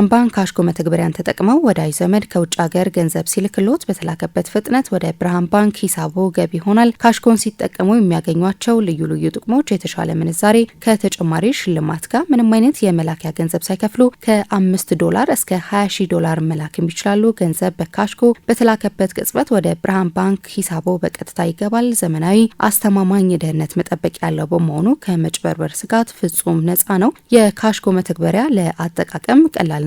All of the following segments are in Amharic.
የብርሃን ባንክ ካሽኮ መተግበሪያን ተጠቅመው ወዳጅ ዘመድ ከውጭ ሀገር ገንዘብ ሲልክሎት በተላከበት ፍጥነት ወደ ብርሃን ባንክ ሂሳቦ ገቢ ይሆናል። ካሽጎን ሲጠቀሙ የሚያገኟቸው ልዩ ልዩ ጥቅሞች የተሻለ ምንዛሬ ከተጨማሪ ሽልማት ጋር ምንም አይነት የመላኪያ ገንዘብ ሳይከፍሉ ከአምስት ዶላር እስከ ሀያ ሺ ዶላር መላክም ይችላሉ። ገንዘብ በካሽጎ በተላከበት ቅጽበት ወደ ብርሃን ባንክ ሂሳቦ በቀጥታ ይገባል። ዘመናዊ፣ አስተማማኝ ደህንነት መጠበቅ ያለው በመሆኑ ከመጭበርበር ስጋት ፍጹም ነፃ ነው። የካሽጎ መተግበሪያ ለአጠቃቀም ቀላል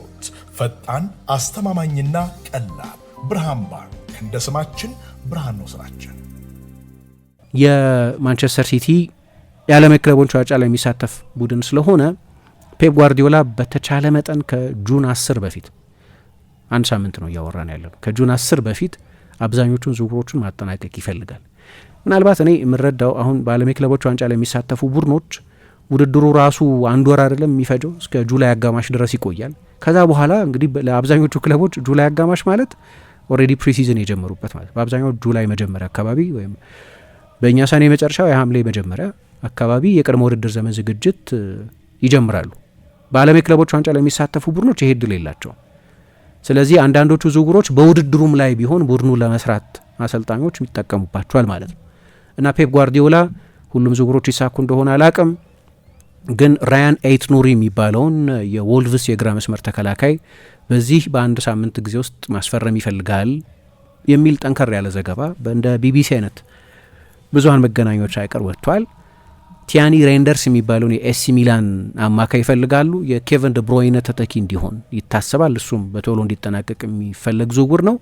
ፈጣን፣ አስተማማኝና ቀላል ብርሃን ባንክ። እንደ ስማችን ብርሃን ነው ስራችን። የማንቸስተር ሲቲ የዓለም የክለቦች ዋንጫ ላይ የሚሳተፍ ቡድን ስለሆነ ፔፕ ጓርዲዮላ በተቻለ መጠን ከጁን አስር በፊት አንድ ሳምንት ነው እያወራን ያለ ነው። ከጁን አስር በፊት አብዛኞቹን ዝውውሮቹን ማጠናቀቅ ይፈልጋል። ምናልባት እኔ የምረዳው አሁን በዓለም የክለቦች ዋንጫ ላይ የሚሳተፉ ቡድኖች ውድድሩ ራሱ አንድ ወር አይደለም የሚፈጀው፣ እስከ ጁላይ አጋማሽ ድረስ ይቆያል። ከዛ በኋላ እንግዲህ ለአብዛኞቹ ክለቦች ጁላይ አጋማሽ ማለት ኦልሬዲ ፕሪሲዝን የጀመሩበት ማለት በአብዛኛው ጁላይ መጀመሪያ አካባቢ ወይም በእኛ ሰኔ መጨረሻው የሐምሌ መጀመሪያ አካባቢ የቅድመ ውድድር ዘመን ዝግጅት ይጀምራሉ። በዓለም የክለቦች ዋንጫ ላይ የሚሳተፉ ቡድኖች ይሄ ድል የላቸው። ስለዚህ አንዳንዶቹ ዝውውሮች በውድድሩም ላይ ቢሆን ቡድኑ ለመስራት አሰልጣኞች ይጠቀሙባቸዋል ማለት ነው እና ፔፕ ጓርዲዮላ ሁሉም ዝውውሮች ይሳኩ እንደሆነ አላቅም ግን ራያን ኤይት ኑሪ የሚባለውን የወልቭስ የግራ መስመር ተከላካይ በዚህ በአንድ ሳምንት ጊዜ ውስጥ ማስፈረም ይፈልጋል የሚል ጠንከር ያለ ዘገባ እንደ ቢቢሲ አይነት ብዙሀን መገናኛዎች አይቀር ወጥቷል። ቲያኒ ሬንደርስ የሚባለውን የኤሲ ሚላን አማካይ ይፈልጋሉ። የኬቨን ደብሮይነ ተተኪ እንዲሆን ይታሰባል። እሱም በቶሎ እንዲጠናቀቅ የሚፈለግ ዝውውር ነው።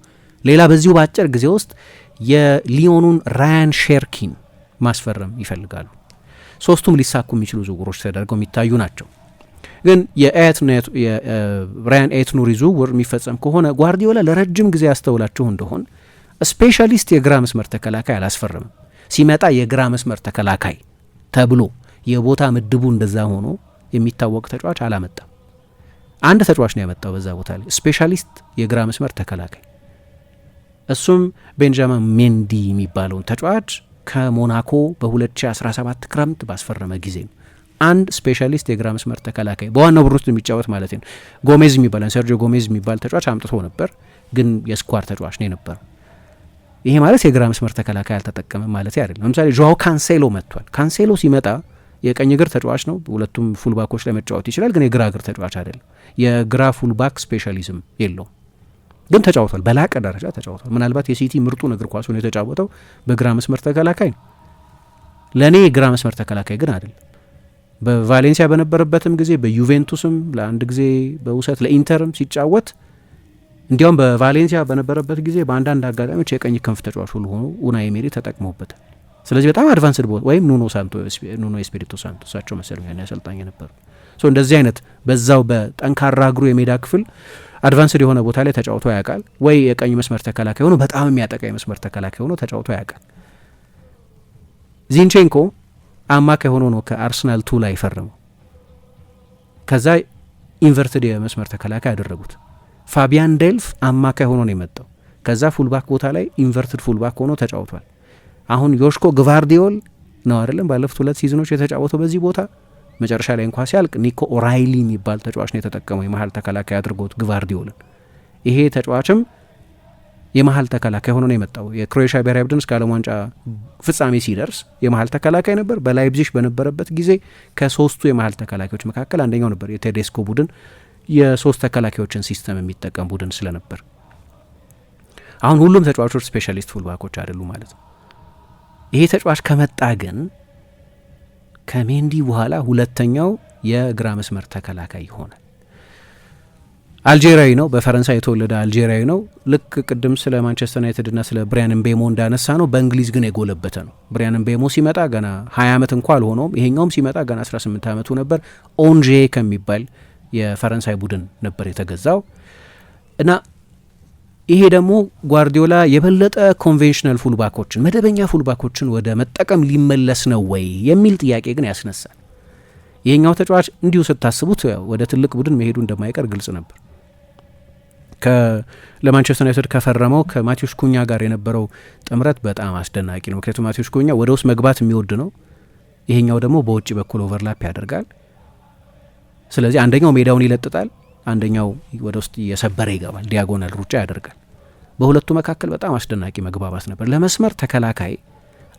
ሌላ በዚሁ በአጭር ጊዜ ውስጥ የሊዮኑን ራያን ሼርኪን ማስፈረም ይፈልጋሉ። ሶስቱም ሊሳኩ የሚችሉ ዝውውሮች ተደርገው የሚታዩ ናቸው። ግን የራያን ኤት ኑሪ ዝውውር የሚፈጸም ከሆነ ጓርዲዮላ ለረጅም ጊዜ ያስተውላችሁ እንደሆን ስፔሻሊስት የግራ መስመር ተከላካይ አላስፈርምም። ሲመጣ የግራ መስመር ተከላካይ ተብሎ የቦታ ምድቡ እንደዛ ሆኖ የሚታወቅ ተጫዋች አላመጣም። አንድ ተጫዋች ነው ያመጣው በዛ ቦታ ላይ ስፔሻሊስት የግራ መስመር ተከላካይ እሱም ቤንጃሚን ሜንዲ የሚባለውን ተጫዋች ከሞናኮ በ2017 ክረምት ባስፈረመ ጊዜ ነው። አንድ ስፔሻሊስት የግራ መስመር ተከላካይ በዋናው ቡድን ውስጥ የሚጫወት ማለት ነው። ጎሜዝ የሚባለን ሰርጆ ጎሜዝ የሚባል ተጫዋች አምጥቶ ነበር፣ ግን የስኳር ተጫዋች ነው የነበረው። ይሄ ማለት የግራ መስመር ተከላካይ አልተጠቀመም ማለት አይደለም። ለምሳሌ ዋው ካንሴሎ መጥቷል። ካንሴሎ ሲመጣ የቀኝ እግር ተጫዋች ነው፣ ሁለቱም ፉልባኮች ላይ መጫወት ይችላል፣ ግን የግራ እግር ተጫዋች አይደለም። የግራ ፉልባክ ስፔሻሊዝም የለውም። ግን ተጫውቷል፣ በላቀ ደረጃ ተጫውቷል። ምናልባት የሲቲ ምርጡን እግር ኳሱን የተጫወተው በግራ መስመር ተከላካይ ነው። ለእኔ የግራ መስመር ተከላካይ ግን አይደለም። በቫሌንሲያ በነበረበትም ጊዜ በዩቬንቱስም ለአንድ ጊዜ በውሰት ለኢንተርም ሲጫወት እንዲያውም በቫሌንሲያ በነበረበት ጊዜ በአንዳንድ አጋጣሚዎች የቀኝ ክንፍ ተጫዋች ሁሉ ሆኖ ኡናይ ኤሜሪ ተጠቅመውበታል። ስለዚህ በጣም አድቫንስድ ቦታ ወይም ኑኖ ኑኖ ኤስፒሪቶ ሳንቶ እሳቸው መሰለኝ ያኔ አሰልጣኝ ነበሩ። እንደዚህ አይነት በዛው በጠንካራ እግሩ የሜዳ ክፍል አድቫንስድ የሆነ ቦታ ላይ ተጫውቶ ያውቃል ወይ የቀኝ መስመር ተከላካይ ሆኖ በጣም የሚያጠቃ የመስመር ተከላካይ ሆኖ ተጫውቶ ያውቃል። ዚንቼንኮ አማካይ ሆኖ ነው ከአርሰናል ቱ ላይ ፈርመው ከዛ ኢንቨርትድ የመስመር ተከላካይ ያደረጉት። ፋቢያን ዴልፍ አማካይ ሆኖ ነው የመጣው። ከዛ ፉልባክ ቦታ ላይ ኢንቨርትድ ፉልባክ ሆኖ ተጫውቷል። አሁን ዮሽኮ ግቫርዲዮል ነው አይደለም ባለፉት ሁለት ሲዝኖች የተጫወተው በዚህ ቦታ መጨረሻ ላይ እንኳ ሲያልቅ ኒኮ ኦራይሊ የሚባል ተጫዋች ነው የተጠቀመው የመሀል ተከላካይ አድርጎት ግቫርዲዮልን። ይሄ ተጫዋችም የመሀል ተከላካይ ሆኖ ነው የመጣው። የክሮኤሽያ ብሔራዊ ቡድን እስከ ዓለም ዋንጫ ፍጻሜ ሲደርስ የመሀል ተከላካይ ነበር። በላይፕዚሽ በነበረበት ጊዜ ከሶስቱ የመሀል ተከላካዮች መካከል አንደኛው ነበር። የቴዴስኮ ቡድን የሶስት ተከላካዮችን ሲስተም የሚጠቀም ቡድን ስለነበር አሁን ሁሉም ተጫዋቾች ስፔሻሊስት ፉልባኮች አይደሉ ማለት ነው። ይሄ ተጫዋች ከመጣ ግን ከሜንዲ በኋላ ሁለተኛው የግራ መስመር ተከላካይ ይሆናል። አልጄሪያዊ ነው። በፈረንሳይ የተወለደ አልጄሪያዊ ነው። ልክ ቅድም ስለ ማንቸስተር ና ስለ ብሪያን ምቤሞ እንዳነሳ ነው፣ በእንግሊዝ ግን የጎለበተ ነው። ብሪያን ምቤሞ ሲመጣ ገና 20 ዓመት እንኳ አልሆነውም። ይሄኛውም ሲመጣ ገና 18 ዓመቱ ነበር። ኦንዤ ከሚባል የፈረንሳይ ቡድን ነበር የተገዛው እና ይሄ ደግሞ ጓርዲዮላ የበለጠ ኮንቬንሽናል ፉልባኮችን መደበኛ ፉልባኮችን ወደ መጠቀም ሊመለስ ነው ወይ የሚል ጥያቄ ግን ያስነሳል። ይሄኛው ተጫዋች እንዲሁ ስታስቡት ወደ ትልቅ ቡድን መሄዱ እንደማይቀር ግልጽ ነበር። ለማንቸስተር ዩናይትድ ከፈረመው ከማቴዎስ ኩኛ ጋር የነበረው ጥምረት በጣም አስደናቂ ነው። ምክንያቱም ማቴዎስ ኩኛ ወደ ውስጥ መግባት የሚወድ ነው፣ ይሄኛው ደግሞ በውጭ በኩል ኦቨርላፕ ያደርጋል። ስለዚህ አንደኛው ሜዳውን ይለጥጣል አንደኛው ወደ ውስጥ እየሰበረ ይገባል፣ ዲያጎናል ሩጫ ያደርጋል። በሁለቱ መካከል በጣም አስደናቂ መግባባት ነበር። ለመስመር ተከላካይ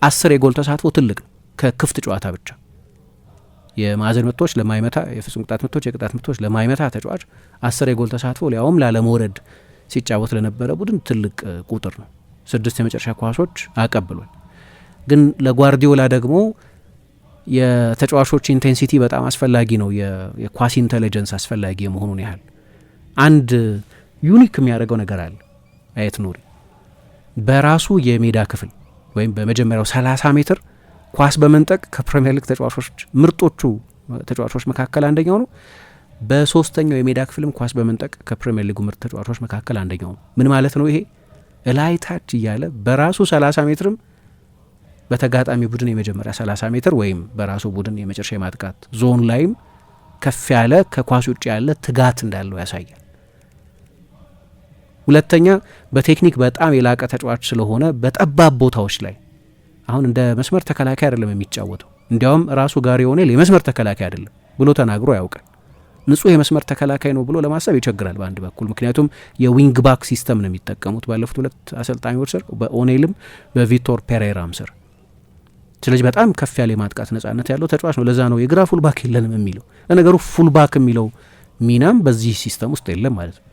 አስር የጎል ተሳትፎ ትልቅ ነው። ከክፍት ጨዋታ ብቻ የማዕዘን ምቶች ለማይመታ የፍጹም ቅጣት ምቶች፣ የቅጣት ምቶች ለማይመታ ተጫዋች አስር የጎል ተሳትፎ ሊያውም ላለመውረድ ሲጫወት ለነበረ ቡድን ትልቅ ቁጥር ነው። ስድስት የመጨረሻ ኳሶች አቀብሏል። ግን ለጓርዲዮላ ደግሞ የተጫዋቾች ኢንቴንሲቲ በጣም አስፈላጊ ነው። የኳስ ኢንቴሊጀንስ አስፈላጊ የመሆኑን ያህል አንድ ዩኒክ የሚያደርገው ነገር አለ። አየት ኑሪ በራሱ የሜዳ ክፍል ወይም በመጀመሪያው 30 ሜትር ኳስ በመንጠቅ ከፕሪምየር ሊግ ተጫዋቾች ምርጦቹ ተጫዋቾች መካከል አንደኛው ነው። በሶስተኛው የሜዳ ክፍልም ኳስ በመንጠቅ ከፕሪምየር ሊጉ ምርጥ ተጫዋቾች መካከል አንደኛው ነው። ምን ማለት ነው ይሄ? እላይ ታች እያለ በራሱ 30 ሜትርም በተጋጣሚ ቡድን የመጀመሪያ 30 ሜትር ወይም በራሱ ቡድን የመጨረሻ የማጥቃት ዞን ላይም ከፍ ያለ ከኳስ ውጭ ያለ ትጋት እንዳለው ያሳያል። ሁለተኛ በቴክኒክ በጣም የላቀ ተጫዋች ስለሆነ በጠባብ ቦታዎች ላይ አሁን እንደ መስመር ተከላካይ አይደለም የሚጫወተው። እንዲያውም ራሱ ጋሪ ኦኔል የመስመር ተከላካይ አይደለም ብሎ ተናግሮ ያውቃል። ንጹህ የመስመር ተከላካይ ነው ብሎ ለማሰብ ይቸግራል በአንድ በኩል ምክንያቱም የዊንግ ባክ ሲስተም ነው የሚጠቀሙት ባለፉት ሁለት አሰልጣኞች ስር በኦኔልም በቪቶር ፔሬራም ስር ስለዚህ በጣም ከፍ ያለ የማጥቃት ነጻነት ያለው ተጫዋች ነው። ለዛ ነው የግራ ፉልባክ የለንም የሚለው። ለነገሩ ፉልባክ የሚለው ሚናም በዚህ ሲስተም ውስጥ የለም ማለት ነው።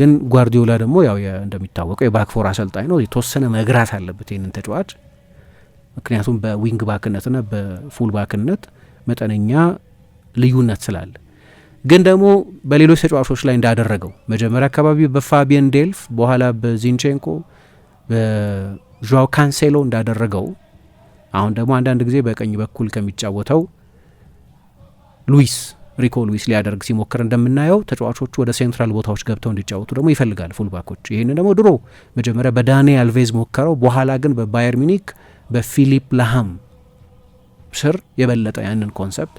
ግን ጓርዲዮላ ደግሞ ያው እንደሚታወቀው የባክፎር አሰልጣኝ ነው። የተወሰነ መግራት አለበት ይህንን ተጫዋች ምክንያቱም በዊንግ ባክነትና በፉል ባክነት መጠነኛ ልዩነት ስላለ ግን ደግሞ በሌሎች ተጫዋቾች ላይ እንዳደረገው መጀመሪያ አካባቢ በፋቢየን ዴልፍ በኋላ በዚንቼንኮ በዣው ካንሴሎ እንዳደረገው አሁን ደግሞ አንዳንድ ጊዜ በቀኝ በኩል ከሚጫወተው ሉዊስ ሪኮ ሉዊስ ሊያደርግ ሲሞክር እንደምናየው ተጫዋቾቹ ወደ ሴንትራል ቦታዎች ገብተው እንዲጫወቱ ደግሞ ይፈልጋል ፉልባኮች። ይህን ደግሞ ድሮ መጀመሪያ በዳኒ አልቬዝ ሞከረው፣ በኋላ ግን በባየር ሚኒክ በፊሊፕ ላሃም ስር የበለጠ ያንን ኮንሰፕት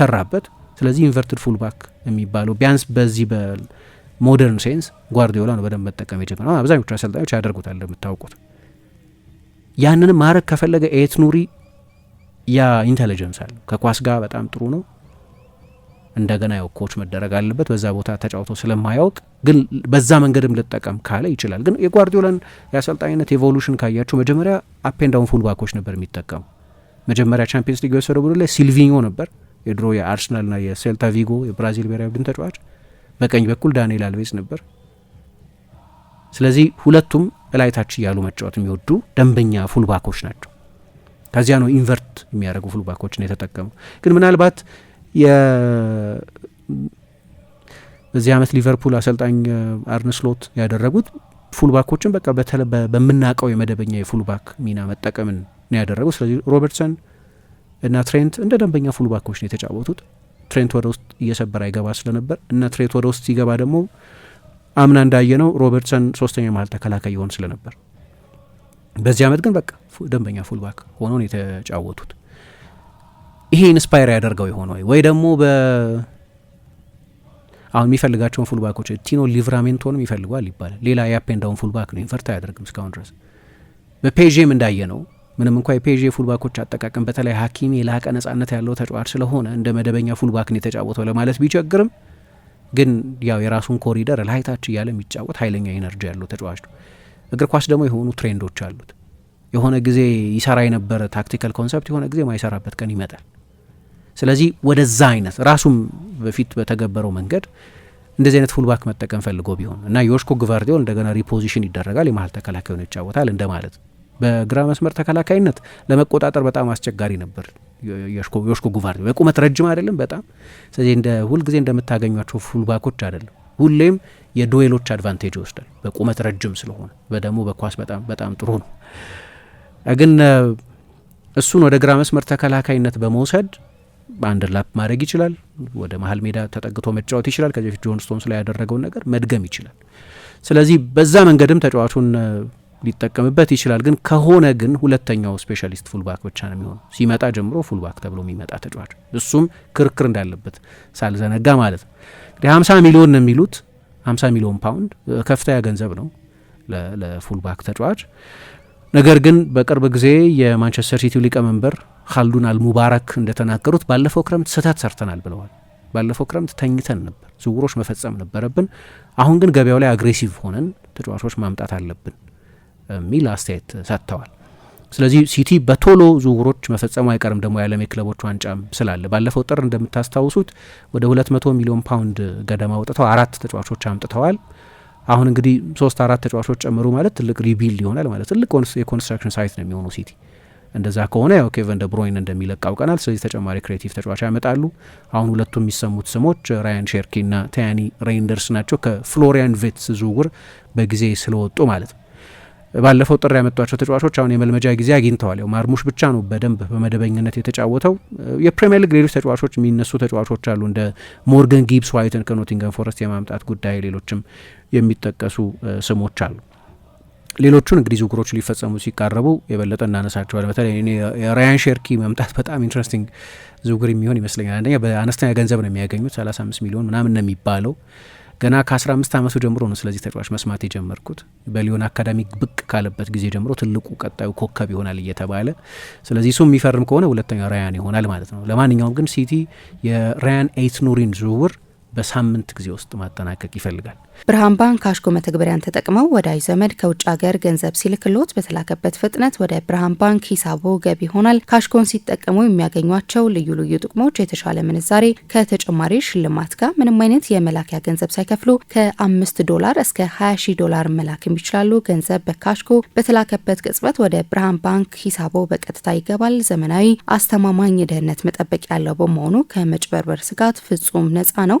ሰራበት። ስለዚህ ኢንቨርትድ ፉልባክ የሚባለው ቢያንስ በዚህ በሞደርን ሴንስ ጓርዲዮላ ነው በደንብ መጠቀም የጀመረው። አብዛኞቹ አሰልጣኞች ያደርጉታል እንደምታውቁት። ያንንም ማድረግ ከፈለገ ኤት ኑሪ ያ ኢንቴሊጀንስ አለ። ከኳስ ጋር በጣም ጥሩ ነው። እንደገና ያው ኮች መደረግ አለበት። በዛ ቦታ ተጫውቶ ስለማያውቅ ግን በዛ መንገድም ልጠቀም ካለ ይችላል። ግን የጓርዲዮላን የአሰልጣኝነት ኤቮሉሽን ካያችሁ መጀመሪያ አፔንዳውን ፉልባኮች ነበር የሚጠቀሙ። መጀመሪያ ቻምፒየንስ ሊግ የወሰደው ቡድን ላይ ሲልቪኞ ነበር፣ የድሮ የአርሰናልና የሴልታ ቪጎ የብራዚል ብሔራዊ ቡድን ተጫዋች። በቀኝ በኩል ዳንኤል አልቤዝ ነበር። ስለዚህ ሁለቱም እላይታች እያሉ መጫወት የሚወዱ ደንበኛ ፉልባኮች ናቸው። ከዚያ ነው ኢንቨርት የሚያደርጉ ፉልባኮችን የተጠቀሙ። ግን ምናልባት በዚህ አመት ሊቨርፑል አሰልጣኝ አርንስሎት ያደረጉት ፉልባኮችን በቃ በምናውቀው የመደበኛ የፉልባክ ሚና መጠቀምን ነው ያደረጉት። ስለዚህ ሮበርትሰን እና ትሬንት እንደ ደንበኛ ፉልባኮች ነው የተጫወቱት። ትሬንት ወደ ውስጥ እየሰበረ አይገባ ስለነበር እና ትሬንት ወደ ውስጥ ሲገባ ደግሞ አምና እንዳየ ነው ሮበርትሰን ሶስተኛ የመሀል ተከላካይ ይሆን ስለነበር በዚህ አመት ግን በቃ ደንበኛ ፉልባክ ሆኖን ነው የተጫወቱት። ይሄ ኢንስፓየር ያደርገው የሆነ ወይ ወይ ደግሞ አሁን የሚፈልጋቸውን ፉልባኮች ቲኖ ሊቭራሜንቶንም ይፈልጓል ይባላል። ሌላ የአፔንዳውን ፉልባክ ነው ኢንቨርት አያደርግም እስካሁን ድረስ። በፔዥም እንዳየ ነው ምንም እንኳ የፔዥ ፉልባኮች አጠቃቀም በተለይ ሀኪም የላቀ ነጻነት ያለው ተጫዋች ስለሆነ እንደ መደበኛ ፉልባክ ነው የተጫወተው ለማለት ቢቸግርም ግን ያው የራሱን ኮሪደር ላይታች እያለ የሚጫወት ኃይለኛ ኤነርጂ ያለው ተጫዋች ነው። እግር ኳስ ደግሞ የሆኑ ትሬንዶች አሉት። የሆነ ጊዜ ይሰራ የነበረ ታክቲካል ኮንሰፕት የሆነ ጊዜ ማይሰራበት ቀን ይመጣል። ስለዚህ ወደዛ አይነት ራሱም በፊት በተገበረው መንገድ እንደዚህ አይነት ፉልባክ መጠቀም ፈልጎ ቢሆን እና ዮሽኮ ግቫርዲዮል እንደገና ሪፖዚሽን ይደረጋል፣ የመሀል ተከላካዩን ይጫወታል እንደማለት ነው። በግራ መስመር ተከላካይነት ለመቆጣጠር በጣም አስቸጋሪ ነበር። ዮሽኮ ጉቫርዲዮል በቁመት ረጅም አይደለም በጣም ስለዚህ እንደ ሁልጊዜ እንደምታገኟቸው ፉልባኮች አይደለም። ሁሌም የዱዌሎች አድቫንቴጅ ይወስዳል በቁመት ረጅም ስለሆነ በደሞ በኳስ በጣም በጣም ጥሩ ነው። ግን እሱን ወደ ግራ መስመር ተከላካይነት በመውሰድ ላፕ ማድረግ ይችላል። ወደ መሀል ሜዳ ተጠግቶ መጫወት ይችላል። ከዚህ በፊት ጆን ስቶንስ ላይ ያደረገውን ነገር መድገም ይችላል። ስለዚህ በዛ መንገድም ተጫዋቹን ሊጠቀምበት ይችላል። ግን ከሆነ ግን ሁለተኛው ስፔሻሊስት ፉልባክ ብቻ ነው የሚሆነው። ሲመጣ ጀምሮ ፉልባክ ተብሎ የሚመጣ ተጫዋች እሱም ክርክር እንዳለበት ሳልዘነጋ ማለት ነው። እንግዲህ ሀምሳ ሚሊዮን ነው የሚሉት። ሀምሳ ሚሊዮን ፓውንድ ከፍተኛ ገንዘብ ነው ለፉልባክ ተጫዋች። ነገር ግን በቅርብ ጊዜ የማንቸስተር ሲቲው ሊቀመንበር ካልዱን አልሙባረክ እንደተናገሩት ባለፈው ክረምት ስህተት ሰርተናል ብለዋል። ባለፈው ክረምት ተኝተን ነበር፣ ዝውውሮች መፈጸም ነበረብን። አሁን ግን ገበያው ላይ አግሬሲቭ ሆነን ተጫዋቾች ማምጣት አለብን የሚል አስተያየት ሰጥተዋል። ስለዚህ ሲቲ በቶሎ ዝውውሮች መፈጸሙ አይቀርም። ደግሞ የዓለም የክለቦች ዋንጫ ስላለ ባለፈው ጥር እንደምታስታውሱት ወደ 200 ሚሊዮን ፓውንድ ገደማ ወጥተው አራት ተጫዋቾች አምጥተዋል። አሁን እንግዲህ ሶስት አራት ተጫዋቾች ጨምሩ ማለት ትልቅ ሪቢልድ ይሆናል ማለት ትልቅ የኮንስትራክሽን ሳይት ነው የሚሆኑ ሲቲ። እንደዛ ከሆነ ያው ኬቨን ደብሮይን እንደሚለቅ አውቀናል። ስለዚህ ተጨማሪ ክሬቲቭ ተጫዋች ያመጣሉ። አሁን ሁለቱ የሚሰሙት ስሞች ራያን ሼርኪ ና ታያኒ ሬይንደርስ ናቸው ከፍሎሪያን ቬትስ ዝውውር በጊዜ ስለወጡ ማለት ነው። ባለፈው ጥሪ ያመጧቸው ተጫዋቾች አሁን የመልመጃ ጊዜ አግኝተዋል። ያው ማርሙሽ ብቻ ነው በደንብ በመደበኝነት የተጫወተው። የፕሪሚየር ሊግ ሌሎች ተጫዋቾች የሚነሱ ተጫዋቾች አሉ፣ እንደ ሞርገን ጊብስ ዋይትን ከኖቲንገም ፎረስት የማምጣት ጉዳይ፣ ሌሎችም የሚጠቀሱ ስሞች አሉ። ሌሎቹን እንግዲህ ዝውውሮች ሊፈጸሙ ሲቃረቡ የበለጠ እናነሳቸዋል። በተለይ የራያን ሼርኪ መምጣት በጣም ኢንትረስቲንግ ዝውውር የሚሆን ይመስለኛል። አንደኛ በአነስተኛ ገንዘብ ነው የሚያገኙት 35 ሚሊዮን ምናምን ነው የሚባለው ገና ከ15 ዓመቱ ጀምሮ ነው ስለዚህ ተጫዋች መስማት የጀመርኩት። በሊዮን አካዳሚ ብቅ ካለበት ጊዜ ጀምሮ ትልቁ ቀጣዩ ኮከብ ይሆናል እየተባለ ስለዚህ እሱ የሚፈርም ከሆነ ሁለተኛው ራያን ይሆናል ማለት ነው። ለማንኛውም ግን ሲቲ የራያን ኤይት ኑሪን ዝውውር በሳምንት ጊዜ ውስጥ ማጠናቀቅ ይፈልጋል። ብርሃን ባንክ ካሽኮ መተግበሪያን ተጠቅመው ወዳጅ ዘመድ ከውጭ ሀገር ገንዘብ ሲልክሎት በተላከበት ፍጥነት ወደ ብርሃን ባንክ ሂሳቦ ገቢ ይሆናል። ካሽኮን ሲጠቀሙ የሚያገኟቸው ልዩ ልዩ ጥቅሞች የተሻለ ምንዛሬ ከተጨማሪ ሽልማት ጋር ምንም አይነት የመላኪያ ገንዘብ ሳይከፍሉ ከአምስት ዶላር እስከ 20 ሺ ዶላር መላክም ይችላሉ። ገንዘብ በካሽኮ በተላከበት ቅጽበት ወደ ብርሃን ባንክ ሂሳቦ በቀጥታ ይገባል። ዘመናዊ፣ አስተማማኝ የደህንነት መጠበቅ ያለው በመሆኑ ከመጭበርበር ስጋት ፍጹም ነፃ ነው።